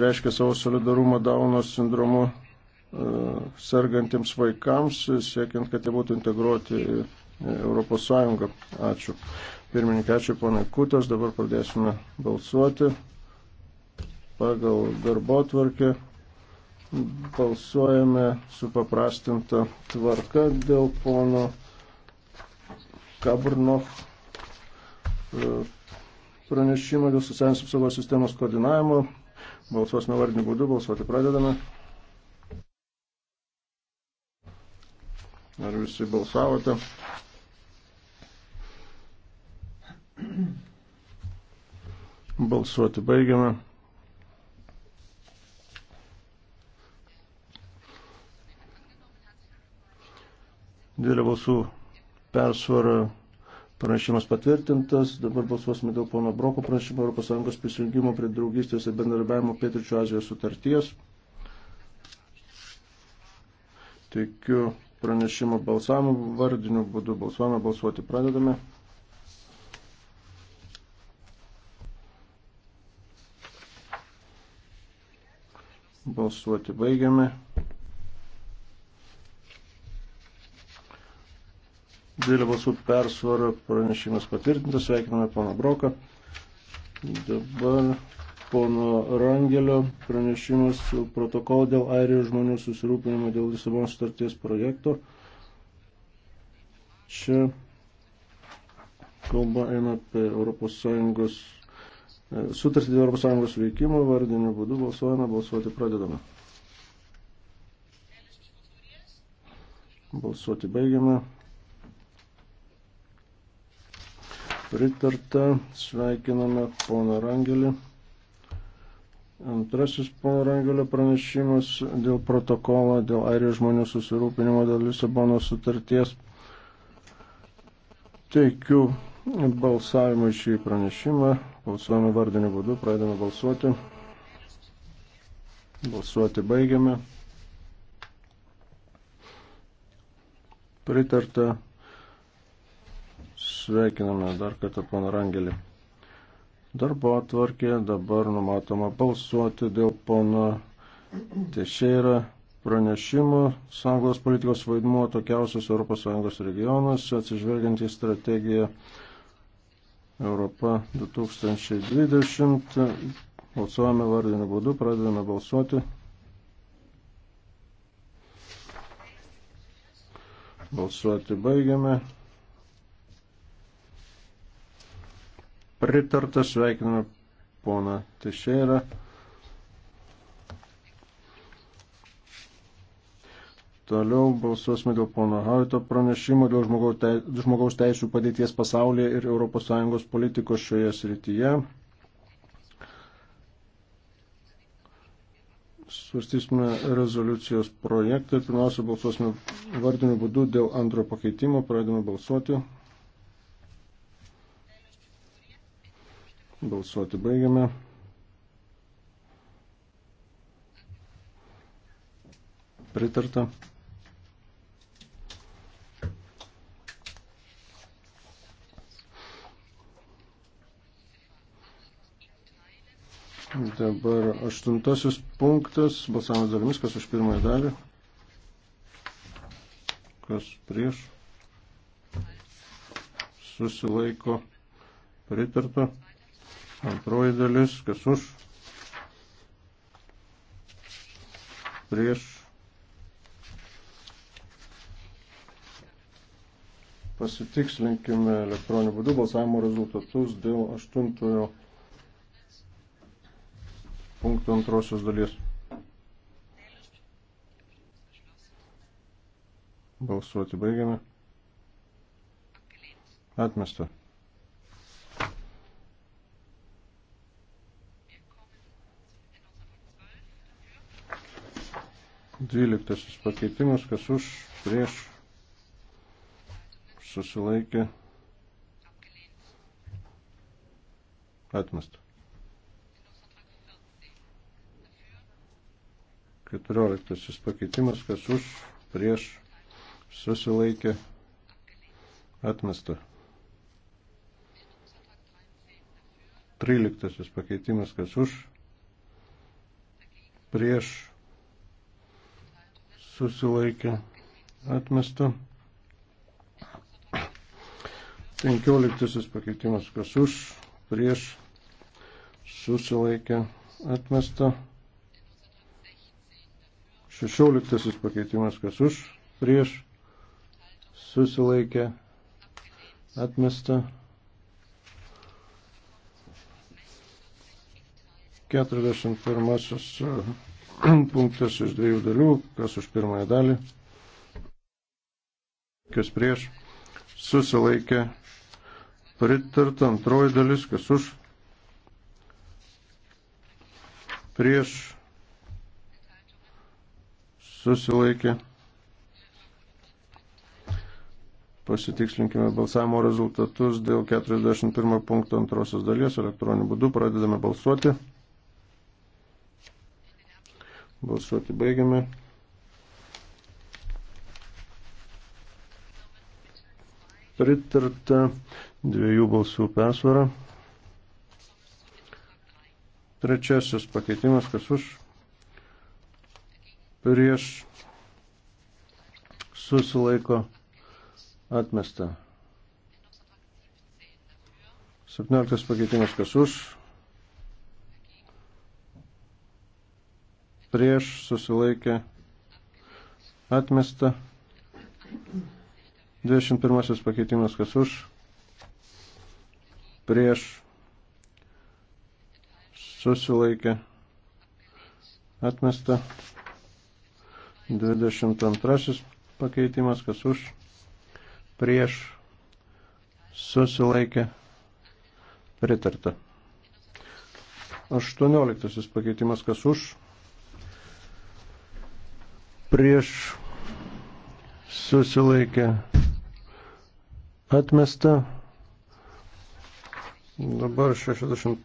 reiškia savo solidarumą Dauno sindromu e, sergantiems vaikams, siekiant, kad jie būtų integruoti į Europos Sąjungą. Ačiū. Pirmininkai, ačiū ponai Kutas, dabar pradėsime balsuoti pagal darbo tvarkę. Balsuojame su paprastinta tvarka dėl pono Kabrnoch e, pranešimą dėl socialinės apsaugos sistemos koordinavimo Balsuosime vardiniu būdu, balsuoti pradedame. Ar visi balsavote? Balsuoti baigiame. Didelė balsų persvara Pranešimas patvirtintas. Dabar balsuosime dėl pono Broko pranešimo ES prisijungimo prie draugystės ir bendradarbiavimo Pietričio Azijos sutarties. Teikiu pranešimo balsavimo vardiniu būdu. Balsuojame, balsuoti pradedame. Balsuoti baigiame. Dėlė balsų persvara pranešimas patvirtintas. Sveikiname pono Broką. Dabar pono Rangelio pranešimas protokolo dėl airijos žmonių susirūpinimo dėl Lisabonos sutarties projekto. Čia kalba eina apie ES e, sutartį dėl ES veikimo vardiniu būdu balsuojame, balsuoti pradedame. Balsuoti baigiame. pritarta. Sveikiname poną Rangelį. Antrasis pono Rangelio pranešimas dėl protokolo, dėl airijos žmonių susirūpinimo, dėl Lisabonos sutarties. Teikiu balsavimą šį pranešimą. Balsuojame vardiniu būdu, pradedame balsuoti. Balsuoti baigiame. Pritarta Sveikiname dar kartą poną Rangelį. Darbo atvarkė dabar numatoma balsuoti dėl pono Tešėra pranešimų sąjungos politikos vaidmuo tokiausios ES regionuose, atsižvelgiant į strategiją Europa 2020. Balsuojame vardiniu būdu, pradedame balsuoti. Balsuoti baigiame. pritarta, sveikiname poną Tešėrą. Toliau balsuosime dėl pono Havito pranešimo dėl žmogaus teisų padėties pasaulyje ir ES politikos šioje srityje. Svarstysime rezoliucijos projektą ir pirmiausia balsuosime vardiniu būdu dėl antro pakeitimo. Pradedame balsuoti. Balsuoti baigiame. Pritarta. Dabar aštuntasis punktas, balsavimas dalimis, kas už pirmąją dalį, kas prieš, susilaiko, pritarta. Antroji dalis, kas už, prieš, pasitikslinkime elektroniniu būdu balsavimo rezultatus dėl aštuntojo punkto antrosios dalies. Balsuoti baigiame. Atmesta. Dvyliktasis pakeitimas, kas už, prieš, susilaikė, atmesta. Keturioliktasis pakeitimas, kas už, prieš, susilaikė, atmesta. Tryliktasis pakeitimas, kas už, prieš, susilaikė atmesta. 15 pakeitimas, kas už, prieš, susilaikė, atmesta. 16 pakeitimas, kas už, prieš, susilaikė, atmesta. 41 punktas iš dviejų dalių, kas už pirmąją dalį, kas prieš, susilaikė, pritarta antroji dalis, kas už, prieš, susilaikė. Pasitikslinkime balsavimo rezultatus dėl 41 punkto antrosios dalies elektroniniu būdu. Pradedame balsuoti. Balsuoti baigiame. Pritarta dviejų balsų persvara. Trečiasis pakeitimas, kas už prieš susilaiko atmesta. 17 pakeitimas, kas už prieš susilaikė atmesta. 21 pakeitimas kas už, prieš susilaikė atmesta. 22 pakeitimas kas už, prieš susilaikė pritarta. 18 pakeitimas kas už prieš susilaikę atmesta. Dabar 60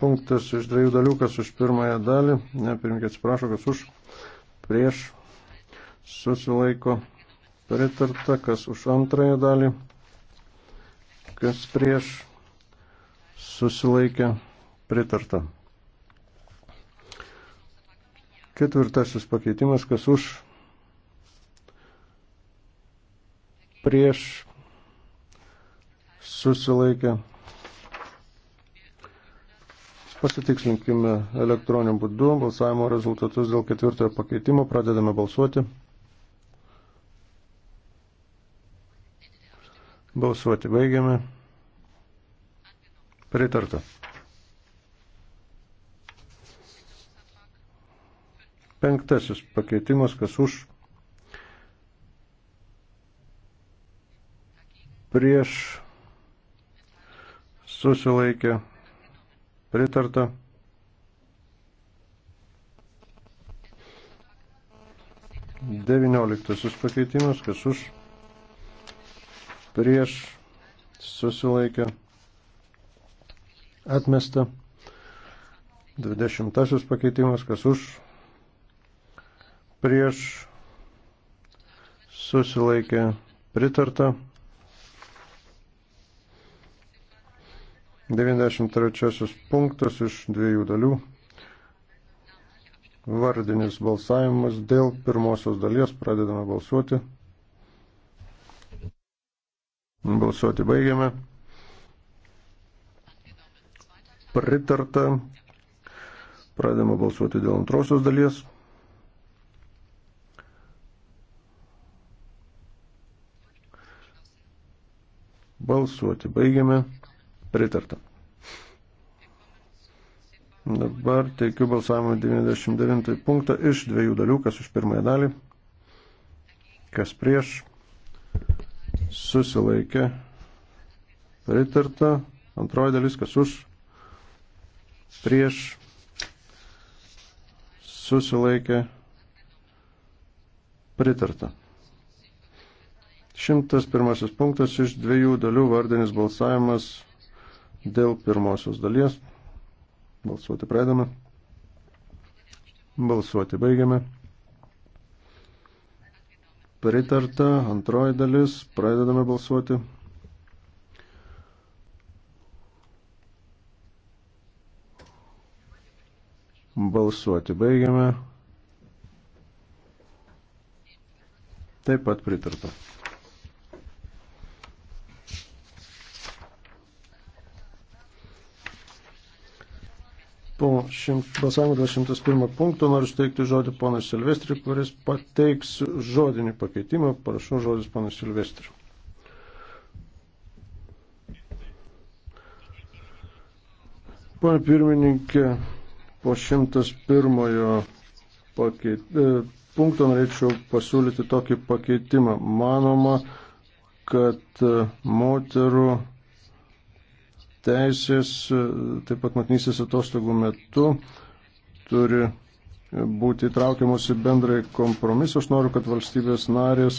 punktas iš dviejų dalių, kas už pirmąją dalį, ne, pirmininkė atsiprašo, kas už, prieš, susilaiko, pritarta, kas už antrąją dalį, kas prieš, susilaikė, pritarta. Ketvirtasis pakeitimas, kas už, prieš susilaikę. Pasitikslinkime elektroniniu būdu balsavimo rezultatus dėl ketvirtojo pakeitimo. Pradedame balsuoti. Balsuoti baigiame. Pritarta. Penktasis pakeitimas, kas už prieš susilaikė pritarta. Devynioliktasis pakeitimas, kas už prieš susilaikė atmesta. Dvidešimtasis pakeitimas, kas už prieš susilaikė pritarta. 93 punktas iš dviejų dalių. Vardinis balsavimas dėl pirmosios dalies. Pradedame balsuoti. Balsuoti baigiame. Pritarta. Pradedame balsuoti dėl antrosios dalies. Balsuoti baigiame. Pritarta. Dabar teikiu balsavimą 99 punktą iš dviejų dalių, kas už pirmąją dalį, kas prieš, susilaikė, pritarta, antroji dalis, kas už, prieš, susilaikė, pritarta. Šimtas pirmasis punktas iš dviejų dalių vardinis balsavimas dėl pirmosios dalies. Balsuoti pradame. Balsuoti baigiame. Pritarta antroji dalis. Pradedame balsuoti. Balsuoti baigiame. Taip pat pritarta. po šimt, balsavimo dėl 101 punkto noriu suteikti žodį ponas Silvestri, kuris pateiks žodinį pakeitimą. Prašau žodis ponas Silvestri. Pane pirmininkė, po 101 pakeit, e, punkto norėčiau pasiūlyti tokį pakeitimą. Manoma, kad e, moterų teisės, taip pat motinysės atostogų metu turi būti įtraukiamos į bendrąjį kompromisą. Aš noriu, kad valstybės narės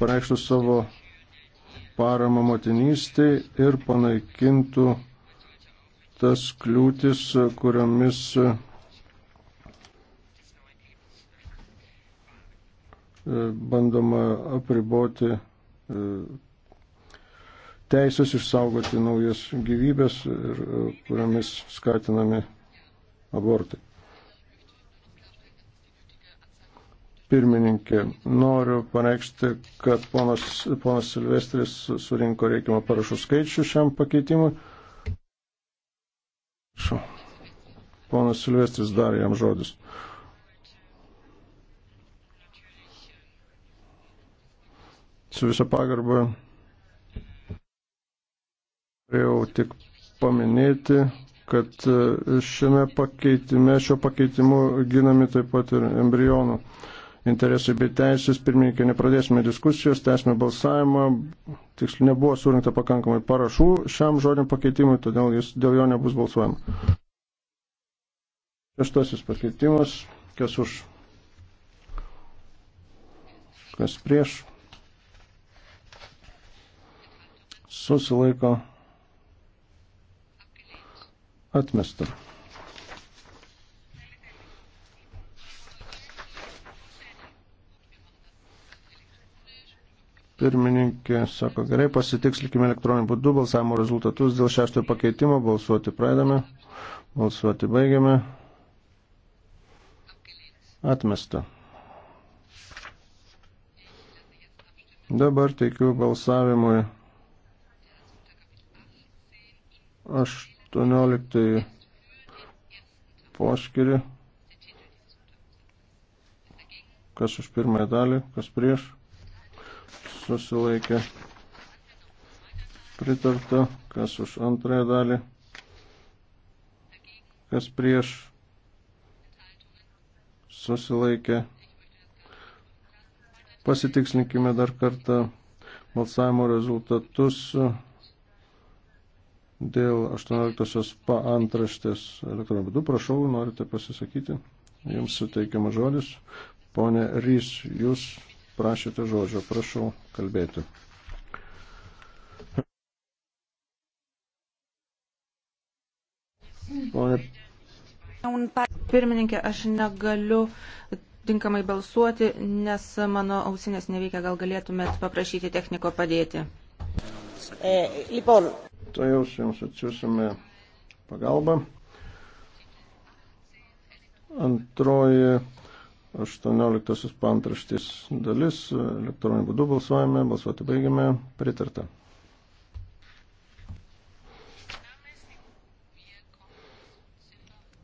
pareikštų savo paramą motinystiai ir panaikintų tas kliūtis, kuriomis e, bandoma apriboti e, teisės išsaugoti naujas gyvybės ir e, kuriamis skatinami abortai. Pirmininkė, noriu pareikšti, kad ponas, ponas Silvestris surinko reikiamą parašų skaičių šiam pakeitimui. Šo. Ponas Silvestris dar jam žodis. Su visą pagarbą Norėjau tik paminėti, kad e, šiame pakeitime, šio pakeitimu ginami taip pat ir embrionų interesai bei teisės. Pirmininkė, nepradėsime diskusijos, tęsime balsavimą. Tiksliau, nebuvo surinkta pakankamai parašų šiam žodžiam pakeitimui, todėl jis, dėl jo nebus balsuojama. Šeštasis pakeitimas. Kas už? Kas prieš? Susilaiko Atmesta. Pirmininkė sako, gerai, pasitikslikime elektroniniu būdu balsavimo rezultatus dėl šeštojo pakeitimo. Balsuoti pradame, balsuoti baigiame. Atmesta. Dabar teikiu balsavimui aš 18 poskirį. Kas už pirmąją dalį, kas prieš. Susilaikė pritarta, kas už antrąją dalį, kas prieš susilaikė. Pasitikslinkime dar kartą balsavimo rezultatus dėl 18 paantraštės elektroniniu būdu. Prašau, norite pasisakyti. Jums suteikiama žodis. Pone Rys, jūs prašėte žodžio. Prašau kalbėti. Pone. Pirmininkė, aš negaliu tinkamai balsuoti, nes mano ausinės neveikia. Gal galėtumėt paprašyti techniko padėti? E, lipon rytojaus jums atsiusime pagalbą. Antroji 18 pantraštis dalis, elektroniniu būdu balsuojame, balsuoti baigiame, pritarta.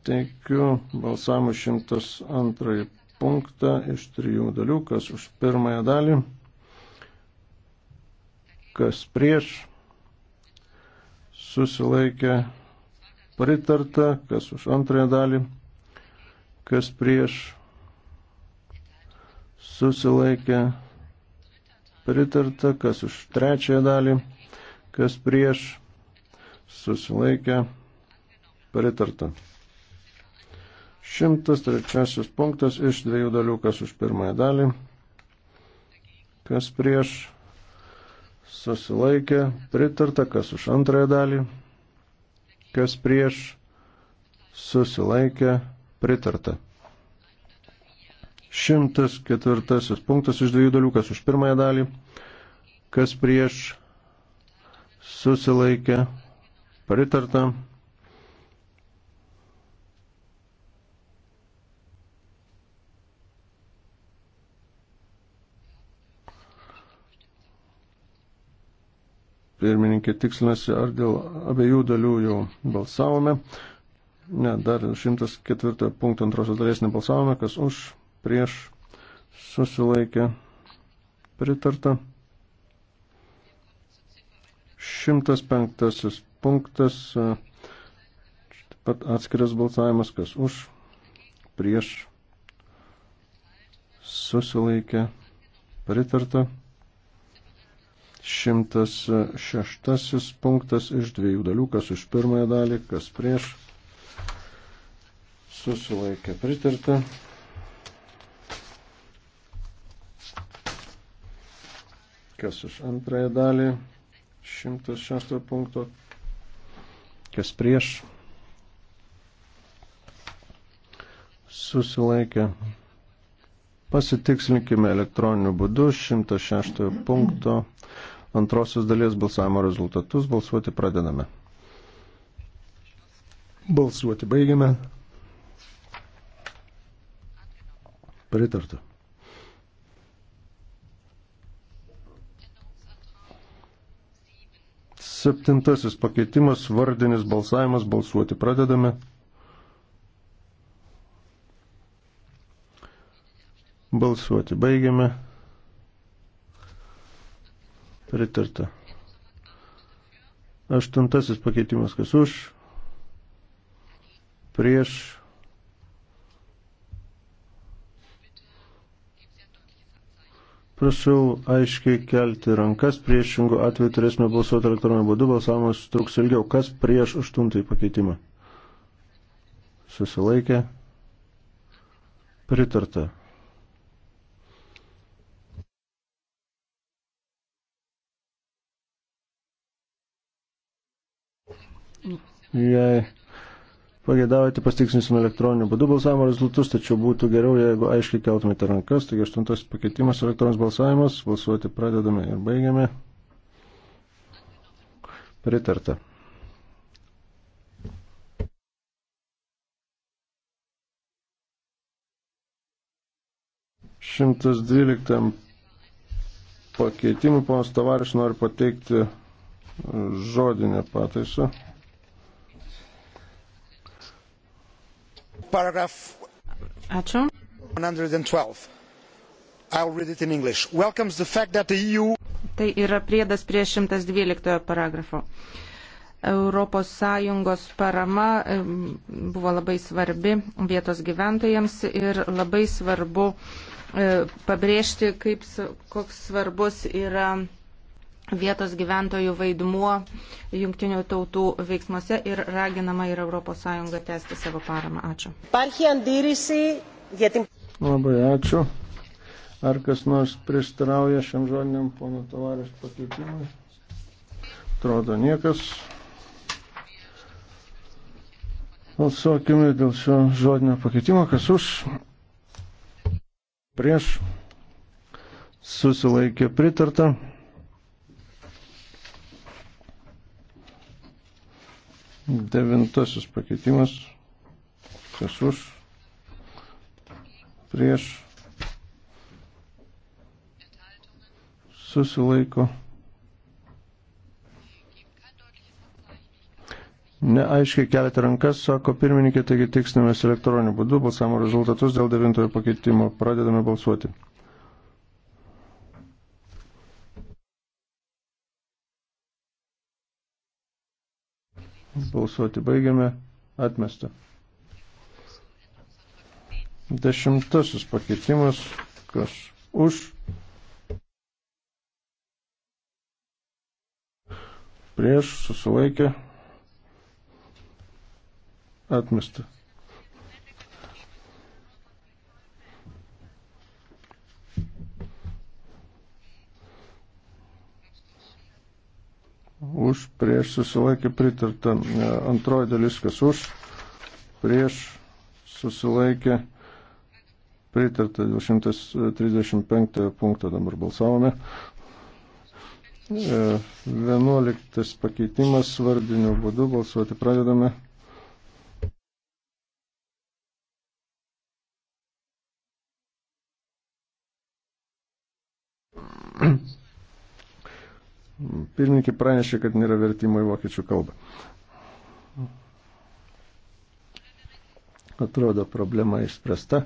Teikiu balsavimų 102 punktą iš trijų dalių, kas už pirmąją dalį, kas prieš, susilaikė pritarta, kas už antrąją dalį, kas prieš susilaikė pritarta, kas už trečiąją dalį, kas prieš susilaikė pritarta. 103 punktas iš dviejų dalių, kas už pirmąją dalį, kas prieš susilaikė, pritarta, kas už antrąją dalį, kas prieš, susilaikė, pritarta. 104 punktas iš dviejų dalių, kas už pirmąją dalį, kas prieš, susilaikė, pritarta. pirmininkė tikslinasi, ar dėl abiejų dalių jau balsavome. Ne, dar 104 punktą antrosios dalies nebalsavome, kas už, prieš, susilaikė, pritarta. 105 punktas, taip pat atskiras balsavimas, kas už, prieš, susilaikė, pritarta. 106 punktas iš dviejų dalių, kas už pirmąją dalį, kas prieš. Susilaikė pritarta. Kas už antrąją dalį 106 punkto, kas prieš. Susilaikė. Pasitikslinkime elektroniniu būdu 106 punkto. Mm -hmm antrosios dalies balsavimo rezultatus. Balsuoti pradedame. Balsuoti baigiame. Pritartu. Septintasis pakeitimas, vardinis balsavimas, balsuoti pradedame. Balsuoti baigiame. Pritarta. Aštuntasis pakeitimas, kas už, prieš, Prašau aiškiai kelti rankas, priešingų atveju turėsime balsuoti elektroniniu būdu, balsavimas truks ilgiau. Kas prieš aštuntąjį pakeitimą? Susilaikė. Pritarta. Jei pagėdavote, pastiksinsim elektroniniu būdu balsavimo rezultatus, tačiau būtų geriau, jeigu aiškiai keltumėte rankas. Taigi aštuntas pakeitimas elektroninis balsavimas. Balsuoti pradedame ir baigiame. Pritarta. Šimtas dvyliktam pakeitimui ponas Tavariš nori pateikti žodinę pataisą. paragraph Ačiū. 112. I'll read it in English. Welcomes the fact that the EU. Tai yra priedas prie 112 paragrafo. ES parama buvo labai svarbi vietos gyventojams ir labai svarbu e, pabrėžti, kaip, koks svarbus yra vietos gyventojų vaidmuo jungtinių tautų veiksmuose ir raginama ir ES tęsti savo paramą. Ačiū. Labai ačiū. Ar kas nors prieštarauja šiam žodiniam pono tavarės pakeitimui? Atrodo niekas. Balsuokime dėl šio žodinio pakeitimo. Kas už? Prieš. Susilaikė pritarta. Devintasis pakeitimas. Kas už? Prieš. Susilaiko. Neaiškiai keliate rankas, sako pirmininkė, taigi tikslinamės elektroniniu būdu balsavimo rezultatus dėl devintojo pakeitimo. Pradedame balsuoti. Balsuoti baigiame. Atmesta. Dešimtasis pakeitimas. Kas už? Prieš susilaikė. Atmesta. už, prieš susilaikė pritarta. E, antroji dalis, kas už, prieš susilaikė pritarta. 235 punktą dabar balsavome. 11 e, pakeitimas vardiniu būdu balsuoti pradedame. Pirmininkė pranešė, kad nėra vertimo į vokiečių kalbą. Atrodo, problema išspręsta.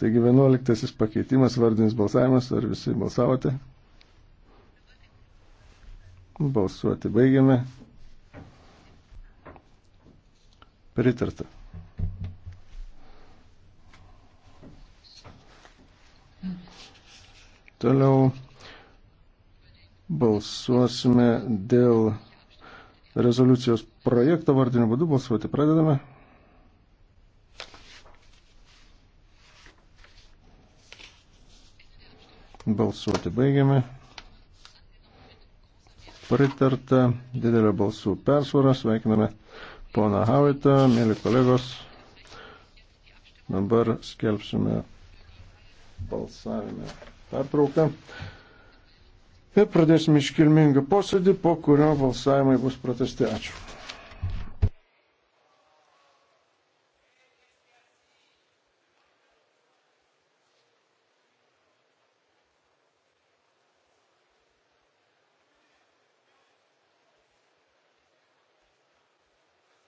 Taigi 11 pakeitimas, vardinis balsavimas, ar visi balsavote? Balsuoti baigiame. Pritarta. Toliau balsuosime dėl rezoliucijos projekto vardiniu būdu. Balsuoti pradedame. Balsuoti baigiame. Pritarta didelio balsų persvarą. Sveikiname poną Havitą, mėly kolegos. Dabar skelbsime balsavime pertrauką. Ir pradėsime iškilmingą posėdį, po kurio balsavimai bus protesti. Ačiū.